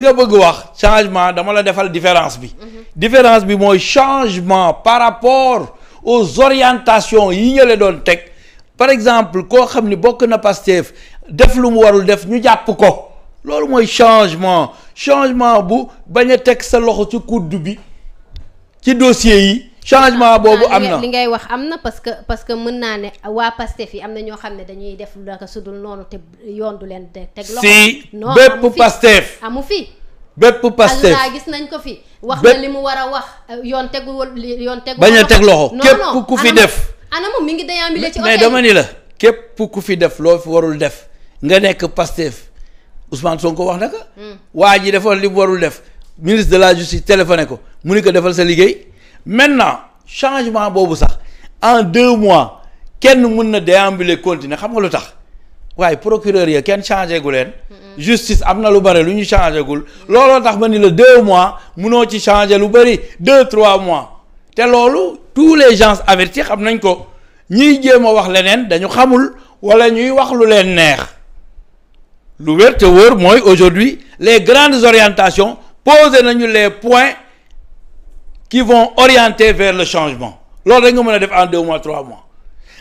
nga bëgg wax changement dama la defal différence bi. Mhm. différence bi mooy changement par rapport aux orientations yi ñu la doon teg par exemple koo xam ni bokk na Pastef def lu mu warul def ñu jàpp ko loolu mooy changement changement bu bañ a teg sa loxo ci kuddu bi ci dossier yi. changement boobu am na li ngay wax am na parce que parce que mën naa ne waa Pastef yi am na ñoo xam ne dañuy def lu naka sudul noonu te yoon du leen teg loxo si bépp Pastef amu fi bépp Pastef alaa gis nañ ko fi wax na li mu war a wax yoon tegu yoon tegu bañ a teg loxo képp ku fi def anamu mi ngi déambulé ci mais dama ni la képp ku fi def loo fi warul def nga nekk Pastef Ousmane ko wax na ko hmm. waa ji defoon li mu warul def ministre de la justice téléphoné ko mu ni ko defal sa liggéey maintenant changement pour sax en deux mois kenn na déambuler continuer xam nga procureur ya changé justice amna lu bari lu ñu changé gul. vous tax ni le deux mois mëno ci changé lu deux trois mois té tous les gens avertis xam nañ ko wax dañu xamul wala ñuy wax lu aujourd'hui les grandes orientations posent les points qui vont orienter vers le changement loolu en deux mois trois mois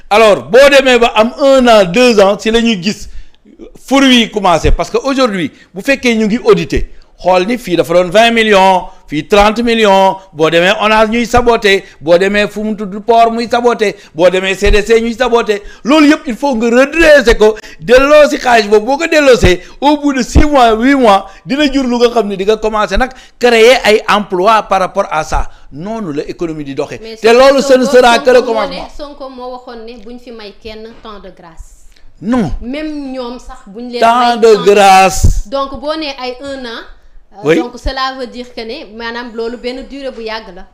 alors si demain, on a un an deux ans si le ñuy gis fruits yi commencé parce qu'aujourd'hui, vous faites fekkee un ngi xool ni fii dafa doon vingt millions fii trente millions boo demee ONAS ñuy saboté boo demee fu mu tudd port muy saboté boo demee CDC ñuy saboté loolu yëpp il faut nga redresser ko delloo si xaalis boobu boo ko delloosee au bout de six mois huit mois dina jur lu nga xam ne di nga commencé nag créer ay emploi par rapport à ça noonu la économie di doxee. te loolu ce ne sera que le commencement Sonko moo waxoon ne buñ fi may kenn temps de grâce. non même ñoom sax buñ leen. temps de grâce. donc boo nee ay un an. Euh, oui donc cela veut dire que ne manam lolu ben durée bu yag la.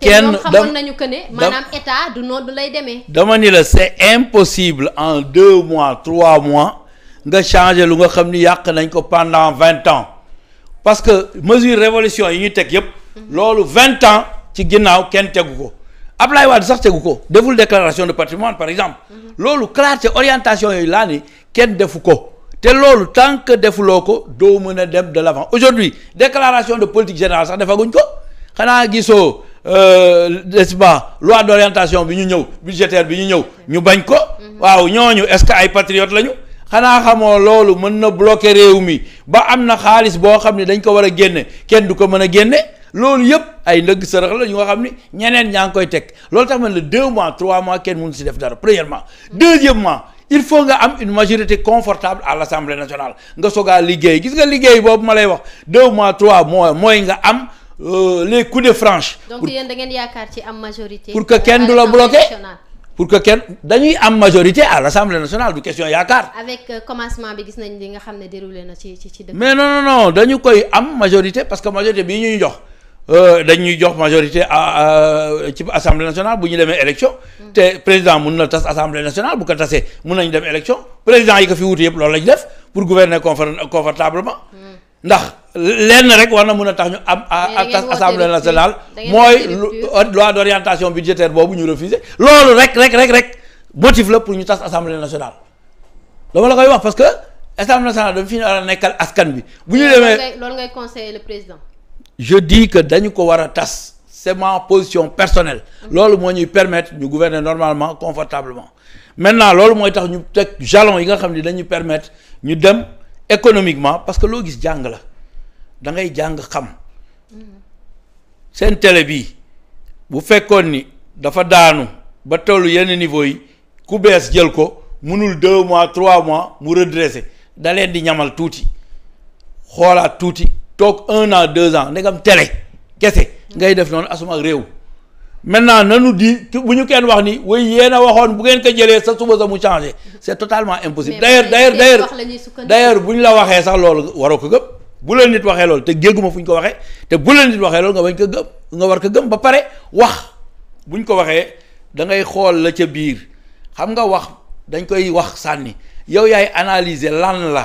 kenn te nañu que ne manam état du du lay démé dama ni la c'est impossible en deux mois trois mois nga changer lu nga xamni ni nañ ko pendant vingt ans parce que mesure révolution yi ñu teg yépp mhm. loolu vingt ans ci ginnaaw kenn tegu Ablaye Wade sax tegu ko deful déclaration de patrimoine par exemple. Mhm. lolu clarté orientation yoy la ni kenn defuko Té lolou tant que defuloo ko doo mën dem de l'avant aujourd'hui déclaration de politique générale sax defaguñ ko xanaa gisoo euh, n'est-ce pas loi d'orientation orientation bi ñu ñëw budgétaire bi ñu ñu bañ ko mhm. waaw ñooñu est ce que ay patriotes lañu xana xamoo loolu mën na bloquer réew mi ba am na xaalis boo xam ne dañ ko war a génne kenn du ko mën a génne loolu yëpp ay ndëgg sërëx la ñu nga xam ni ñeneen ñaa ngi koy teg loolu tax man le deux mois trois mois kenn mënu si def dara premièrement mhm. deuxièmement il faut nga am une majorité confortable à l'Assemblée nationale nga sogaa liguey gis nga liguey bobu malay wax deux mois trois mois moy nga am euh, les coups de franche. donc yéen da ngeen yaakaar ci am majorité. pour que kenn dula la pour que Ken dañuy am majorité à l'Assemblée nationale du question yakar avec euh, commencement bi gis nañ li nga xamné déroulé na ci ci ci mais non non non dañu koy am majorité parce que majorité bi ñuy jox. Euh, dañ ñuy jox majorité à ci assemblée nationale bu ñu démé élection mm. té président mun na tas assemblée nationale bu ko tasee mun ñu dem élection président yi ko fi wuté yépp loolu lañ def pour gouverner confortablement mm. ndax lenn rek war na mëna tax ñu am à assemblée nationale moy euh, loi d'orientation budgétaire bobu ñu refuser loolu rek rek rek rek motif la pour ñu tass assemblée nationale dama la koy wax parce que assemblée nationale dafa fi ñu war nekkal askan bi bu ñu démé lool ngay conseiller le président je dis que c'est ma position personnelle ce qui nous permet de gouverner normalement confortablement maintenant ce mooy tax ñu jalon yi permettre dem économiquement parce que vous gis jàng la da ngay jàng xam télé bi bu dafa daanu ba tollu niveau deux mois trois mois mu redresser. da toog un an deux ans ndegam télé kese ngay def noonu asuma ak réew maintenant nanu di bu ñu kenn wax ni way yéen a waxoon bu ngeen ko jëlee sa suba sa mu changé c'est totalement impossible d'ailleurs d'ailleurs d'ailleurs bu ñu la waxee sax loolu waroo ko gëm bu la nit waxee loolu te gégguma fu ñu ko waxee te bu la waxee loolu nga bañ ko nga war ko gëm ba pare wax bu ñu ko waxee da ngay xool la ca biir xam nga wax dañ koy wax sànni yow yaay analyser lan la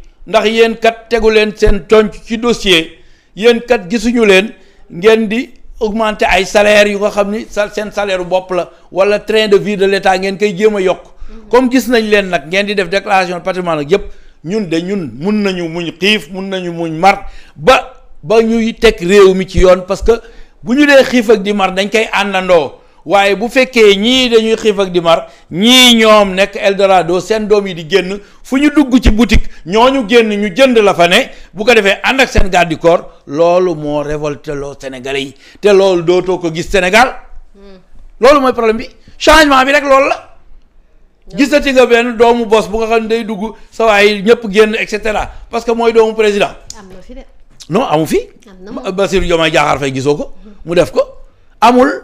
ndax yéen kat tegu leen seen conc ci dossier yéen kat gisuñu leen ngeen di augmenter ay salaires yu nga xam ni sa seen salaire bopp la wala train de vie de l'État ngeen koy jéem a yokk mhm. comme gis nañ leen nag ngeen di def déclaration de patrimoine yëpp ñun de ñun mun nañu muñ xiif mun nañu muñ mar ba ba ñuy teg réew mi ci yoon parce que bu ñu dee xiif ak di mar dañ koy àndandoo waaye bu fekkee ñii dañuy xiif ak di mar ñii ñoom nekk Eldorado seen doom yi di génn fu dugg ci boutique génn ñu jënd la fa ne bu ko defee ànd ak garde corps loolu moo révolté loo Sénégalais yi te loolu ko gis Sénégal loolu mooy problème bi changement bi rek loolu la. gisati nga benn doomu bos bu nga xam day dugg sa waay ñëpp génn et parce que mooy doomu président. am non amu fi. gisoo amul.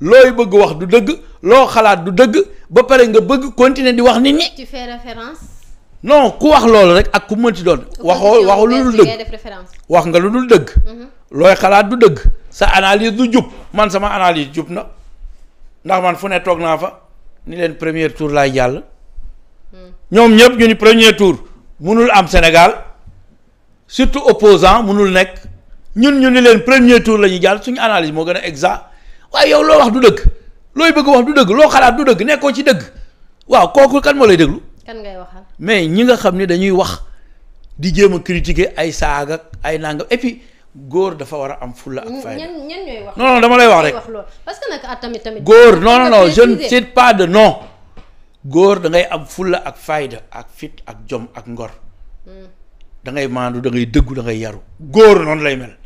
looy bëgg wax du dëgg loo xalaat du dëgg ba pare nga bëgg continuer di wax ni ñi. tu fais non ku wax loolu rek ak ku mënti doon. waxoo waxoo lu dul dëgg wax nga lu dul dëgg. Mhm. looy xalaat du dëgg. sa analyse du jub man sama analyse jub na ndax man fu ne toog naa fa ni leen premier tour laay jàll. Hmm. ñoom ñëpp ñu ni premier tour munul am Sénégal surtout opposant munul nekk ñun ñu ni leen premier tour la ñuy jàll suñu analyse moo gën a exact waaye yow loo wax du dëgg looy bëgg wax du dëgg loo xalaat du dëgg nekkoo ci dëgg waaw kooku kan moo lay déglu. kan ngay waxal mais ñi nga xam ne dañuy wax di jéem a critiquer ay saaga ay nangam et góor dafa war a am fulla ak fayda. wax. non wax rek parce que nag ah, tamit tamit. góor non non non je ne cite góor da ngay am fulla ak fayda ak fit ak jom ak ngor. Hmm. dangay ngay maandu da ngay dëggu da yaru góor noonu lay mel.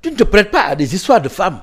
tu ne te pas à des de femmes.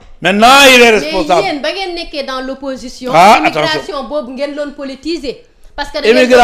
maintenant il est responsable mais yéen ba ngeen nekkee dans l'opposition. ah immigration boobu ngeen doon politiser. parce que